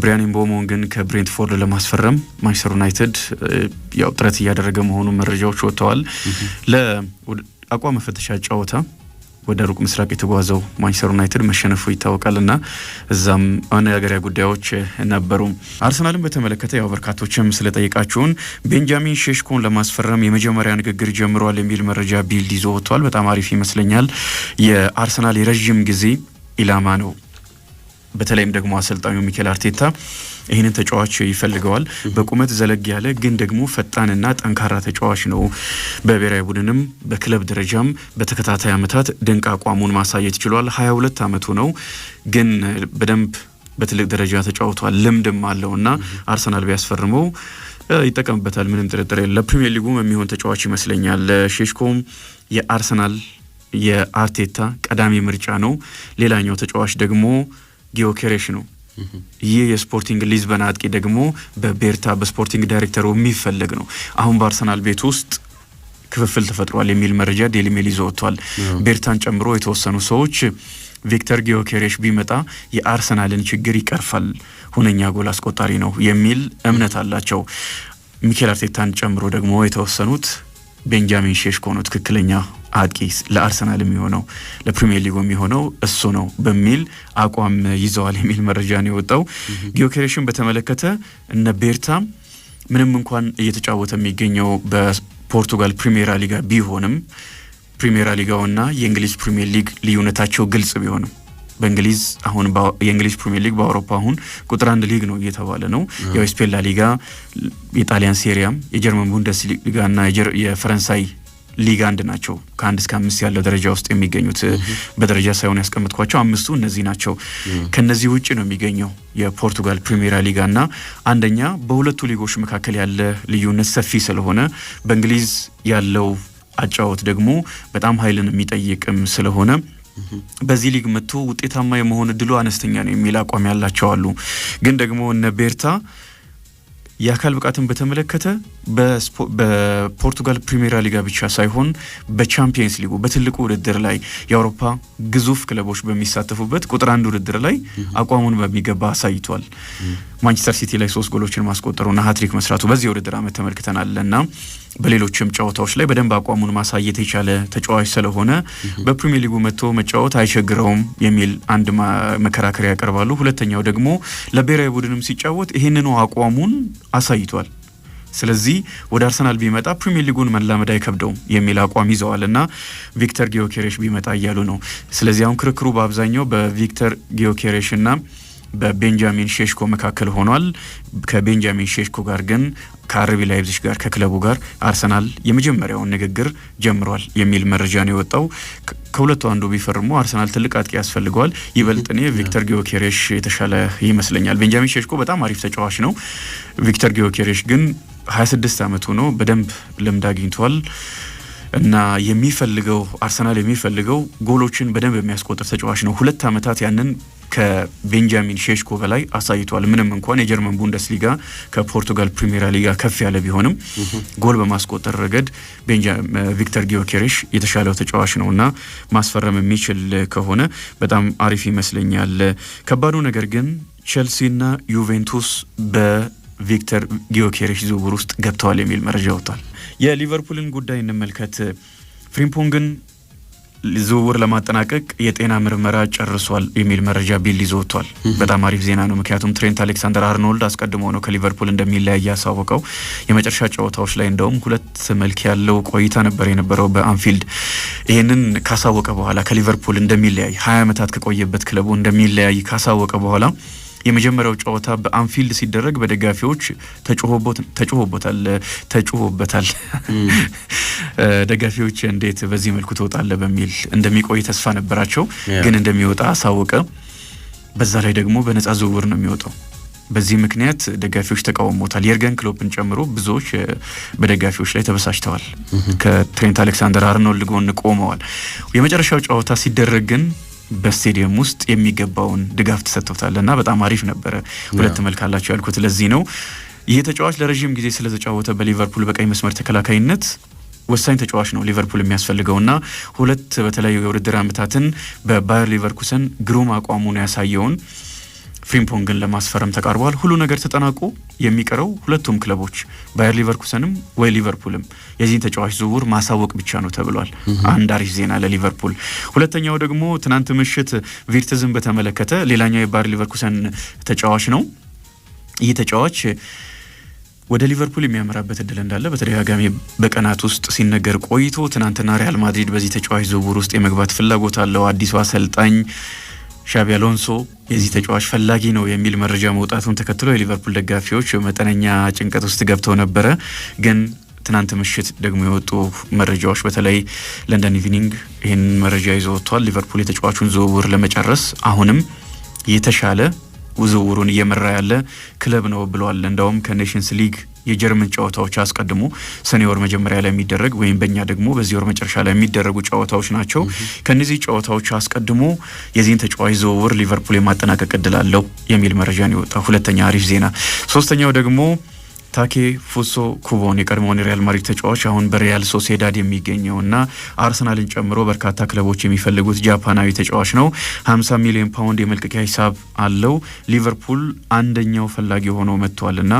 ብሪያን ኢምቦሞን ግን ከብሬንትፎርድ ለማስፈረም ማንቸስተር ዩናይትድ ያው ጥረት እያደረገ መሆኑ መረጃዎች ወጥተዋል። ለአቋም መፈተሻ ጨዋታ ወደ ሩቅ ምስራቅ የተጓዘው ማንቸስተር ዩናይትድ መሸነፉ ይታወቃል እና እዛም አነጋገሪያ ጉዳዮች ነበሩ። አርሰናልን በተመለከተ ያው በርካቶችም ስለጠይቃችሁን ቤንጃሚን ሼሽኮን ለማስፈረም የመጀመሪያ ንግግር ጀምሯል የሚል መረጃ ቢልድ ይዞ ወጥቷል። በጣም አሪፍ ይመስለኛል። የአርሰናል የረዥም ጊዜ ኢላማ ነው። በተለይም ደግሞ አሰልጣኙ ሚኬል አርቴታ ይህንን ተጫዋች ይፈልገዋል። በቁመት ዘለግ ያለ ግን ደግሞ ፈጣንና ጠንካራ ተጫዋች ነው። በብሔራዊ ቡድንም በክለብ ደረጃም በተከታታይ ዓመታት ድንቅ አቋሙን ማሳየት ችሏል። ሀያ ሁለት ዓመቱ ነው ግን በደንብ በትልቅ ደረጃ ተጫውቷል። ልምድም አለውና አርሰናል ቢያስፈርመው ይጠቀምበታል። ምንም ጥርጥር የለ። ፕሪሚየር ሊጉም የሚሆን ተጫዋች ይመስለኛል። ሼሽኮም የአርሰናል የአርቴታ ቀዳሚ ምርጫ ነው። ሌላኛው ተጫዋች ደግሞ ጊዮኬሬሽ ነው። ይህ የስፖርቲንግ ሊዝበን አጥቂ ደግሞ በቤርታ በስፖርቲንግ ዳይሬክተሩ የሚፈለግ ነው። አሁን በአርሰናል ቤት ውስጥ ክፍፍል ተፈጥሯል የሚል መረጃ ዴሊ ሜል ይዞ ወጥቷል። ቤርታን ጨምሮ የተወሰኑ ሰዎች ቪክተር ጊዮኬሬሽ ቢመጣ የአርሰናልን ችግር ይቀርፋል፣ ሁነኛ ጎል አስቆጣሪ ነው የሚል እምነት አላቸው። ሚኬል አርቴታን ጨምሮ ደግሞ የተወሰኑት ቤንጃሚን ሼሽኮ ነው ትክክለኛ አጥቂ ለአርሰናል የሚሆነው ለፕሪሚየር ሊጉ የሚሆነው እሱ ነው በሚል አቋም ይዘዋል የሚል መረጃ ነው የወጣው። ጊዮኬሬሽን በተመለከተ እነ ቤርታ ምንም እንኳን እየተጫወተ የሚገኘው በፖርቱጋል ፕሪሚየራ ሊጋ ቢሆንም ፕሪሜራ ሊጋውና የእንግሊዝ ፕሪሚየር ሊግ ልዩነታቸው ግልጽ ቢሆንም በእንግሊዝ አሁን የእንግሊዝ ፕሪሚየር ሊግ በአውሮፓ አሁን ቁጥር አንድ ሊግ ነው እየተባለ ነው። ያው ሊጋ፣ የጣሊያን ሴሪያም፣ የጀርመን ቡንደስ ሊጋና የፈረንሳይ ሊግ አንድ ናቸው። ከአንድ እስከ አምስት ያለው ደረጃ ውስጥ የሚገኙት በደረጃ ሳይሆን ያስቀምጥኳቸው አምስቱ እነዚህ ናቸው። ከነዚህ ውጭ ነው የሚገኘው የፖርቱጋል ሊጋ ሊጋና አንደኛ በሁለቱ ሊጎች መካከል ያለ ልዩነት ሰፊ ስለሆነ በእንግሊዝ ያለው አጫወት ደግሞ በጣም ኃይልን የሚጠይቅም ስለሆነ በዚህ ሊግ መጥቶ ውጤታማ የመሆን እድሉ አነስተኛ ነው የሚል አቋም ያላቸው አሉ። ግን ደግሞ እነ ቤርታ የአካል ብቃትን በተመለከተ በፖርቱጋል ፕሪሜራ ሊጋ ብቻ ሳይሆን በቻምፒየንስ ሊጉ በትልቁ ውድድር ላይ የአውሮፓ ግዙፍ ክለቦች በሚሳተፉበት ቁጥር አንድ ውድድር ላይ አቋሙን በሚገባ አሳይቷል። ማንቸስተር ሲቲ ላይ ሶስት ጎሎችን ማስቆጠሩና ሀትሪክ መስራቱ በዚህ ውድድር አመት ተመልክተናል በሌሎችም ጨዋታዎች ላይ በደንብ አቋሙን ማሳየት የቻለ ተጫዋች ስለሆነ በፕሪሚየር ሊጉ መጥቶ መጫወት አይቸግረውም የሚል አንድ መከራከሪያ ያቀርባሉ። ሁለተኛው ደግሞ ለብሔራዊ ቡድንም ሲጫወት ይህንኑ አቋሙን አሳይቷል። ስለዚህ ወደ አርሰናል ቢመጣ ፕሪሚየር ሊጉን መላመድ አይከብደውም የሚል አቋም ይዘዋል እና ቪክተር ጊዮኬሬሽ ቢመጣ እያሉ ነው። ስለዚህ አሁን ክርክሩ በአብዛኛው በቪክተር ጊዮኬሬሽ እና በቤንጃሚን ሼሽኮ መካከል ሆኗል። ከቤንጃሚን ሼሽኮ ጋር ግን ከአርቢ ላይብዚሽ ጋር ከክለቡ ጋር አርሰናል የመጀመሪያውን ንግግር ጀምሯል የሚል መረጃ ነው የወጣው። ከሁለቱ አንዱ ቢፈርሙ አርሰናል ትልቅ አጥቂ ያስፈልገዋል። ይበልጥ እኔ ቪክተር ጊዮኬሬሽ የተሻለ ይመስለኛል። ቤንጃሚን ሼሽኮ በጣም አሪፍ ተጫዋች ነው። ቪክተር ጊዮኬሬሽ ግን 26 ዓመቱ ነው። በደንብ ልምድ አግኝቷል እና የሚፈልገው አርሰናል የሚፈልገው ጎሎችን በደንብ የሚያስቆጥር ተጫዋች ነው። ሁለት ዓመታት ያንን ከቤንጃሚን ሼሽኮ በላይ አሳይቷል። ምንም እንኳን የጀርመን ቡንደስሊጋ ከፖርቱጋል ፕሪሜራ ሊጋ ከፍ ያለ ቢሆንም ጎል በማስቆጠር ረገድ ቪክተር ጊዮኬሬሽ የተሻለው ተጫዋች ነው እና ማስፈረም የሚችል ከሆነ በጣም አሪፍ ይመስለኛል። ከባዱ ነገር ግን ቼልሲና ዩቬንቱስ በቪክተር ጊዮኬሬሽ ዝውውር ውስጥ ገብተዋል የሚል መረጃ ወጥቷል። የሊቨርፑልን ጉዳይ እንመልከት። ፍሪምፖንግን ዝውውር ለማጠናቀቅ የጤና ምርመራ ጨርሷል የሚል መረጃ ቢል ይዞ ወጥቷል። በጣም አሪፍ ዜና ነው። ምክንያቱም ትሬንት አሌክሳንደር አርኖልድ አስቀድሞ ነው ከሊቨርፑል እንደሚለያይ ያሳወቀው። የመጨረሻ ጨዋታዎች ላይ እንደውም ሁለት መልክ ያለው ቆይታ ነበር የነበረው በአንፊልድ። ይህንን ካሳወቀ በኋላ ከሊቨርፑል እንደሚለያይ ሀያ ዓመታት ከቆየበት ክለቡ እንደሚለያይ ካሳወቀ በኋላ የመጀመሪያው ጨዋታ በአንፊልድ ሲደረግ በደጋፊዎች ተጮሆበታል ተጮሆበታል ደጋፊዎች እንዴት በዚህ መልኩ ትወጣለ በሚል እንደሚቆይ ተስፋ ነበራቸው፣ ግን እንደሚወጣ አሳወቀ። በዛ ላይ ደግሞ በነጻ ዝውውር ነው የሚወጣው። በዚህ ምክንያት ደጋፊዎች ተቃውሞታል። የርገን ክሎፕን ጨምሮ ብዙዎች በደጋፊዎች ላይ ተበሳጭተዋል። ከትሬንት አሌክሳንደር አርኖልድ ጎን ቆመዋል። የመጨረሻው ጨዋታ ሲደረግ ግን በስቴዲየም ውስጥ የሚገባውን ድጋፍ ተሰጥቶታል እና በጣም አሪፍ ነበረ። ሁለት መልክ አላቸው ያልኩት ለዚህ ነው። ይህ ተጫዋች ለረዥም ጊዜ ስለተጫወተ በሊቨርፑል በቀኝ መስመር ተከላካይነት ወሳኝ ተጫዋች ነው ሊቨርፑል የሚያስፈልገውና ሁለት በተለያዩ የውድድር ዓመታትን በባየር ሊቨርኩሰን ግሩም አቋሙን ያሳየውን ፍሪምፖንግን ለማስፈረም ተቃርቧል። ሁሉ ነገር ተጠናቆ የሚቀረው ሁለቱም ክለቦች ባየር ሊቨርኩሰንም ወይ ሊቨርፑልም የዚህን ተጫዋች ዝውውር ማሳወቅ ብቻ ነው ተብሏል። አንድ አሪፍ ዜና ለሊቨርፑል። ሁለተኛው ደግሞ ትናንት ምሽት ቪርትዝን በተመለከተ ሌላኛው የባየር ሊቨርኩሰን ተጫዋች ነው። ይህ ተጫዋች ወደ ሊቨርፑል የሚያመራበት እድል እንዳለ በተደጋጋሚ በቀናት ውስጥ ሲነገር ቆይቶ ትናንትና ሪያል ማድሪድ በዚህ ተጫዋች ዝውውር ውስጥ የመግባት ፍላጎት አለው፣ አዲሱ አሰልጣኝ ሻቢ አሎንሶ የዚህ ተጫዋች ፈላጊ ነው የሚል መረጃ መውጣቱን ተከትሎ የሊቨርፑል ደጋፊዎች መጠነኛ ጭንቀት ውስጥ ገብተው ነበረ። ግን ትናንት ምሽት ደግሞ የወጡ መረጃዎች በተለይ ለንደን ኢቪኒንግ ይህን መረጃ ይዞ ወጥቷል። ሊቨርፑል የተጫዋቹን ዝውውር ለመጨረስ አሁንም የተሻለ ውዝውሩን እየመራ ያለ ክለብ ነው ብለዋል። እንደውም ከኔሽንስ ሊግ የጀርመን ጨዋታዎች አስቀድሞ ሰኔ ወር መጀመሪያ ላይ የሚደረግ ወይም በእኛ ደግሞ በዚህ ወር መጨረሻ ላይ የሚደረጉ ጨዋታዎች ናቸው። ከነዚህ ጨዋታዎች አስቀድሞ የዚህን ተጫዋች ዝውውር ሊቨርፑል የማጠናቀቅ እድል አለው የሚል መረጃ ነው የወጣው። ሁለተኛ አሪፍ ዜና። ሶስተኛው ደግሞ ታኬ ፉሶ ኩቦን የቀድሞውን ሪያል ማድሪድ ተጫዋች አሁን በሪያል ሶሴዳድ የሚገኘውና አርሰናልን ጨምሮ በርካታ ክለቦች የሚፈልጉት ጃፓናዊ ተጫዋች ነው። 50 ሚሊዮን ፓውንድ የመልቀቂያ ሂሳብ አለው። ሊቨርፑል አንደኛው ፈላጊ ሆኖ መጥቷልና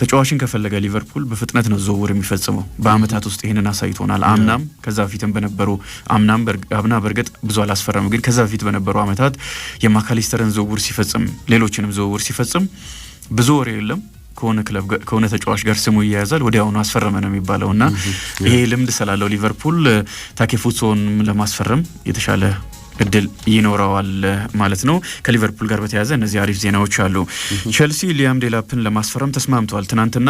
ተጫዋችን ከፈለገ ሊቨርፑል በፍጥነት ነው ዝውውር የሚፈጽመው። በአመታት ውስጥ ይህንን አሳይቶናል። አምናም ከዛ በፊትም በነበሩ አምናም አምና በእርግጥ ብዙ አላስፈረም፣ ግን ከዛ በፊት በነበሩ አመታት የማካሊስተርን ዝውውር ሲፈጽም ሌሎችንም ዝውውር ሲፈጽም ብዙ ወሬ የለም ከሆነ ክለብ ከሆነ ተጫዋች ጋር ስሙ ይያያዛል፣ ወዲያውኑ አስፈረመ ነው የሚባለው እና ይሄ ልምድ ስላለው ሊቨርፑል ታኬፉሶን ለማስፈረም የተሻለ እድል ይኖረዋል ማለት ነው። ከሊቨርፑል ጋር በተያያዘ እነዚህ አሪፍ ዜናዎች አሉ። ቼልሲ ሊያም ዴላፕን ለማስፈረም ተስማምተዋል። ትናንትና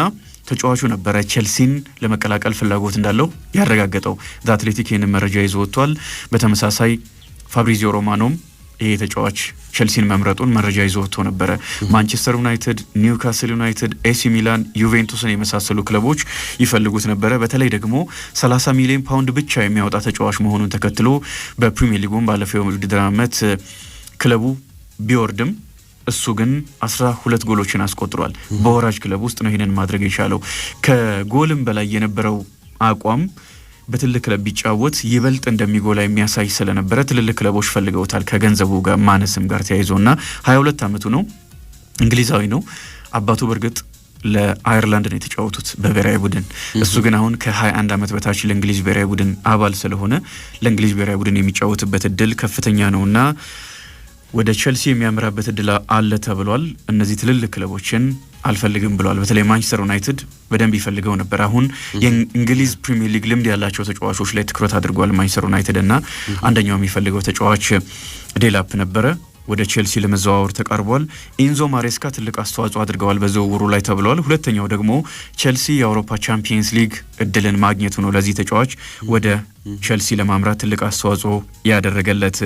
ተጫዋቹ ነበረ ቼልሲን ለመቀላቀል ፍላጎት እንዳለው ያረጋገጠው። ዘ አትሌቲክ ይህንን መረጃ ይዞ ወጥቷል። በተመሳሳይ ፋብሪዚዮ ሮማኖም ይሄ ተጫዋች ቸልሲን መምረጡን መረጃ ይዞ ወጥቶ ነበረ። ማንቸስተር ዩናይትድ፣ ኒውካስል ዩናይትድ፣ ኤሲ ሚላን፣ ዩቬንቱስን የመሳሰሉ ክለቦች ይፈልጉት ነበረ። በተለይ ደግሞ 30 ሚሊዮን ፓውንድ ብቻ የሚያወጣ ተጫዋች መሆኑን ተከትሎ በፕሪሚየር ሊጉን ባለፈው ውድድር ዓመት ክለቡ ቢወርድም እሱ ግን አስራ ሁለት ጎሎችን አስቆጥሯል። በወራጅ ክለብ ውስጥ ነው ይህንን ማድረግ የቻለው። ከጎልም በላይ የነበረው አቋም በትልቅ ክለብ ቢጫወት ይበልጥ እንደሚጎላ የሚያሳይ ስለነበረ ትልልቅ ክለቦች ፈልገውታል። ከገንዘቡ ጋር ማነስም ጋር ተያይዞ እና 22 ዓመቱ ነው። እንግሊዛዊ ነው። አባቱ በእርግጥ ለአየርላንድ ነው የተጫወቱት በብሔራዊ ቡድን። እሱ ግን አሁን ከ21 ዓመት በታች ለእንግሊዝ ብሔራዊ ቡድን አባል ስለሆነ ለእንግሊዝ ብሔራዊ ቡድን የሚጫወትበት እድል ከፍተኛ ነውና ወደ ቸልሲ የሚያምራበት እድል አለ ተብሏል። እነዚህ ትልልቅ ክለቦችን አልፈልግም ብሏል። በተለይ ማንቸስተር ዩናይትድ በደንብ ይፈልገው ነበር። አሁን የእንግሊዝ ፕሪሚየር ሊግ ልምድ ያላቸው ተጫዋቾች ላይ ትኩረት አድርጓል ማንቸስተር ዩናይትድ እና አንደኛው የሚፈልገው ተጫዋች ዴላፕ ነበረ። ወደ ቼልሲ ለመዘዋወር ተቃርቧል። ኢንዞ ማሬስካ ትልቅ አስተዋጽኦ አድርገዋል በዝውውሩ ላይ ተብሏል። ሁለተኛው ደግሞ ቼልሲ የአውሮፓ ቻምፒየንስ ሊግ እድልን ማግኘቱ ነው። ለዚህ ተጫዋች ወደ ቼልሲ ለማምራት ትልቅ አስተዋጽኦ ያደረገለት